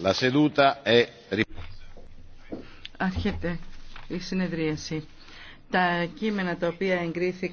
La seduta è... η συνεδρίαση. Τα κείμενα τα οποία εγκρίθηκαν